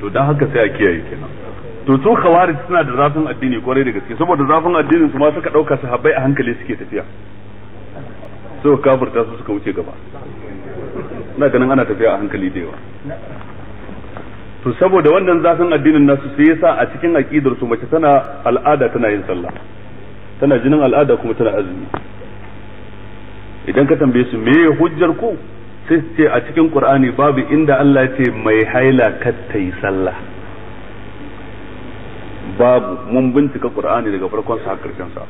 to dan haka sai a kiyaye kenan to su khawarij suna da zafin addini kwarai da gaske saboda zafin addinin su ma suka dauka habbai a hankali suke tafiya suka kafirta su suka wuce gaba na ganin ana tafiya a hankali da yawa to saboda wannan zafin addinin nasu sai yasa a cikin aqidar su mace tana al'ada tana yin sallah tana jinin al'ada kuma tana azumi idan ka tambaye su me hujjar ku sai ce a cikin qur'ani babu inda Allah ya ce mai haila katta yi sallah babu mun bincika qur'ani daga farkon sa karshen sa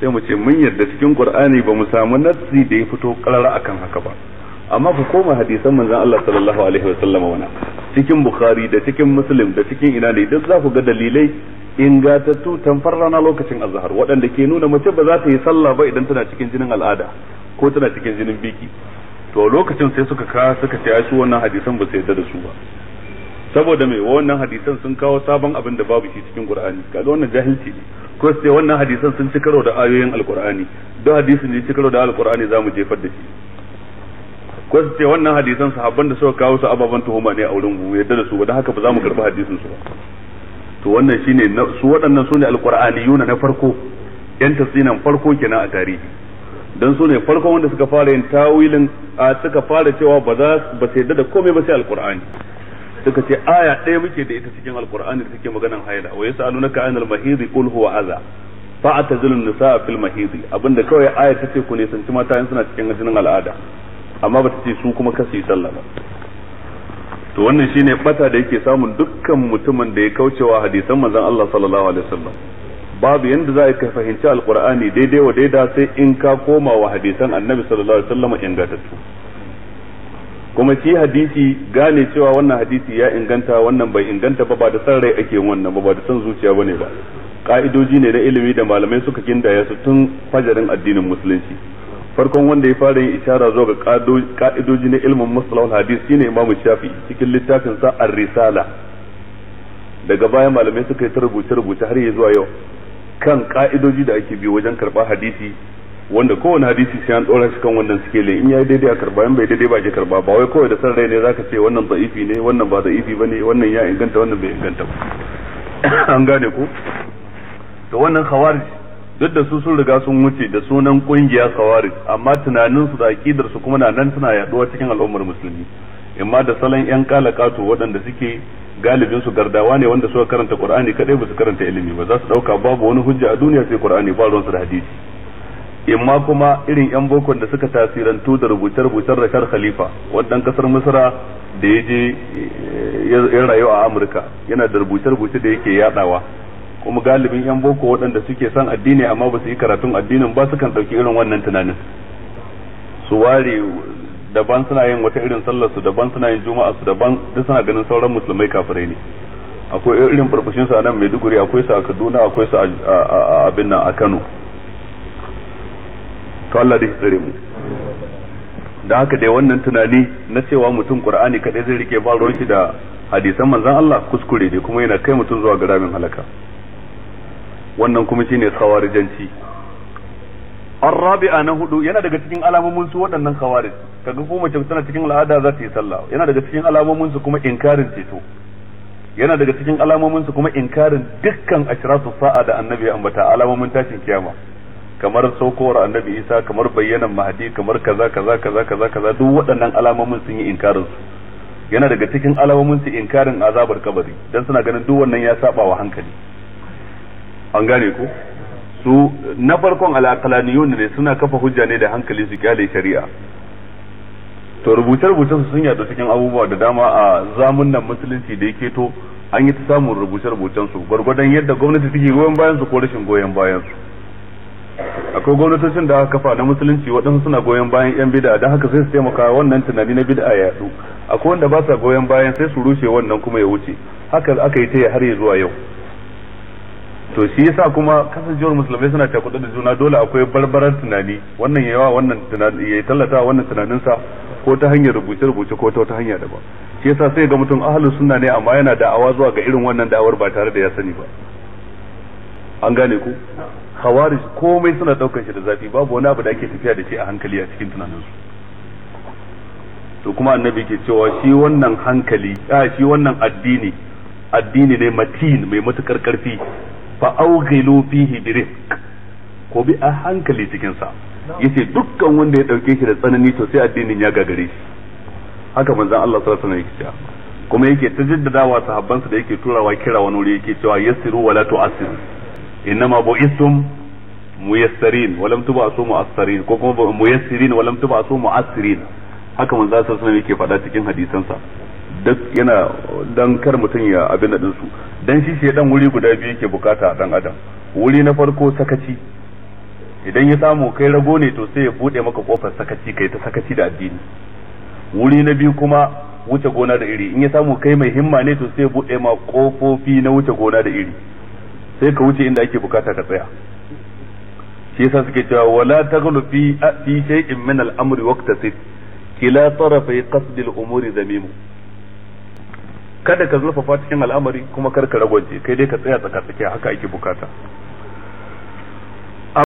sai mu ce mun yarda cikin qur'ani ba mu samu nassi da ya fito karara akan haka ba amma ku koma hadisan manzon Allah sallallahu alaihi wa sallam wannan cikin bukhari da cikin muslim da cikin ina ne duk za ku ga dalilai ingatattu tamfar rana lokacin azhar waɗanda ke nuna mace ba za ta yi sallah ba idan tana cikin jinin al'ada ko tana cikin jinin biki to lokacin sai suka ka suka ce su wannan hadisan ba su yadda da su ba saboda mai wannan hadisan sun kawo sabon abin da babu shi cikin qur'ani kaga wannan jahilci ne ko sai wannan hadisan sun ci karo da ayoyin alqur'ani da hadisin da ya ci karo da alqur'ani zamu jefar da shi ko su ce wannan hadisan sahabban da suka kawo su ababen tuhuma ne a wurin mu yadda da su ba don haka ba zamu mu hadisin su ba to wannan shine su waɗannan su alqur'aniyuna na farko yan tasinan farko kenan a tarihi dan su ne farkon wanda suka fara yin tawilin a suka fara cewa ba za ba sai da komai ba sai alqur'ani suka ce aya ɗaya muke da ita cikin alqur'ani da take maganan haila wa yasalunaka anil mahid qul huwa adha fa atazilun nisaa fil mahid abinda kawai aya tace ku ne santi mata yan suna cikin jinin al'ada amma ba ta ce su kuma kasu sallah ba to wannan shine bata da yake samun dukkan mutumin da ya kaucewa hadisan manzon Allah sallallahu alaihi wasallam babu yanda za ka fahimci alqur'ani daidai wa daida sai in ka koma wa hadisan annabi sallallahu alaihi wasallam ingantattu kuma shi hadisi gane cewa wannan hadisi ya inganta wannan bai inganta ba ba da san rai ake wannan ba ba da san zuciya bane ba ka'idoji ne na ilimi da malamai suka gindaya su tun fajarin addinin musulunci farkon wanda ya fara yin isharar zuwa ga ka'idoji na ilimin musulun hadis shine imamu shafi cikin littafin sa ar-risala daga baya malamai suka yi ta rubuce rubuce har zuwa yau kan ka'idoji da ake bi wajen karɓa hadisi wanda kowane hadisi sai an dora shi kan wannan sikele in yayi daidai a karba in bai daidai ba ke karba ba wai kawai da san rai ne zaka ce wannan da'ifi ne wannan ba da'ifi bane wannan ya inganta wannan bai inganta ba an gane ko to wannan khawarij duk da su sun riga sun wuce da sunan kungiya khawarij amma tunanin su da aqidar su kuma na nan suna yaduwa cikin al'ummar musulmi imma da salon yan kalakatu waɗanda suke galibin su gardawa ne wanda suka karanta qur'ani kadai ba su karanta ilimi ba za su dauka babu wani hujja a duniya sai qur'ani ba su da hadisi imma kuma irin yan boko da suka tasirantu da rubuce rubuce rashar khalifa wannan kasar misra da ya je ya rayu a amurka yana da rubuce-rubuce da yake yadawa kuma galibin yan boko waɗanda suke san addini amma ba su yi karatun addinin ba su kan ɗauki irin wannan tunanin su ware daban suna yin wata irin sallar su daban suna yin juma'a su daban duk suna ganin sauran musulmai kafirai ne akwai irin farfashin su a nan Maiduguri akwai su a Kaduna akwai su a abin nan a Kano to Allah da tsare mu da haka dai wannan tunani na cewa mutum Qur'ani kadai zai rike ba shi da hadisan manzon Allah kuskure ne kuma yana kai mutum zuwa ga ramin halaka wannan kuma shine khawarijanci الرابعة na hudu yana daga cikin alamomin su waɗannan khawarij kaga ko mace tana cikin al'ada za ta yi sallah yana daga cikin alamomin su kuma inkarin ceto yana daga cikin alamomin su kuma inkarin dukkan ashratu sa'a da annabi ambata alamomin tashin kiyama kamar saukowar annabi Isa kamar bayyanan mahadi kamar kaza kaza kaza kaza kaza duk waɗannan alamomin sun yi inkarin su yana daga cikin alamomin su inkarin azabar kabari dan suna ganin duk wannan ya saba wa hankali an gane ku su na farkon al'aqlaniyun ne suna kafa hujja ne da hankali su kyale shari'a to rubuce rubucen su sun yadu cikin abubuwa da dama a zamunan musulunci da yake to an yi ta samun rubuce rubucen su gwargwadon yadda gwamnati take goyon bayan su ko rashin goyon bayan su akwai gwamnatocin da aka kafa na musulunci waɗansu suna goyon bayan yan bid'a don haka sai su taimaka wannan tunani na bid'a ya yadu akwai wanda ba sa goyon bayan sai su rushe wannan kuma ya wuce haka aka yi ta har ya zuwa yau to shi yasa kuma kasancewar musulmai suna cakuɗa da juna dole akwai barbarar tunani wannan yawa wannan tunani ya tallata wannan tunaninsa ko ta hanyar rubuce rubuce ko ta wata hanya daban shi yasa sai ga mutum ahlus sunna ne amma yana da'awa zuwa ga irin wannan da'awar ba tare da ya sani ba an gane ku Hawari komai suna daukar shi da zafi babu wani abu da ake tafiya da shi a hankali a cikin tunaninsu to kuma annabi ke cewa shi wannan hankali a shi wannan addini addini ne matin mai matukar karfi fa auqilu fihi birik ko bi a hankali cikin sa yace dukkan wanda ya dauke shi da tsanani to sai addinin ya gagare shi haka manzon Allah sallallahu alaihi wasallam yake kuma yake ta jaddadawa sahabbansa da yake turawa kira wani wuri yake cewa yassiru wala tu'assir innama bu'istum muyassarin walam tub'asu mu'assirin ko kuma muyassirin walam tub'asu mu'assirin haka manzon sallallahu alaihi wasallam yake faɗa cikin hadisansa duk yana dan kar mutum ya abin da dinsu dan shi dan wuri guda biyu yake bukata dan adam wuri na farko sakaci idan ya samu kai rago ne to sai ya bude maka kofar sakaci kai ta sakaci da addini wuri na biyu kuma wuce gona da iri in ya samu kai mai himma ne to sai ya bude ma kofofi na wuce gona da iri sai ka wuce inda ake bukata ka tsaya shi yasa suke cewa wala taghlu fi fi shay'in min al-amri waqtasid kila tarafi qasd al-umuri zamimu kada ka zulfafa cikin al'amari kuma kar ka ragwance kai dai ka tsaya tsaka haka ake bukata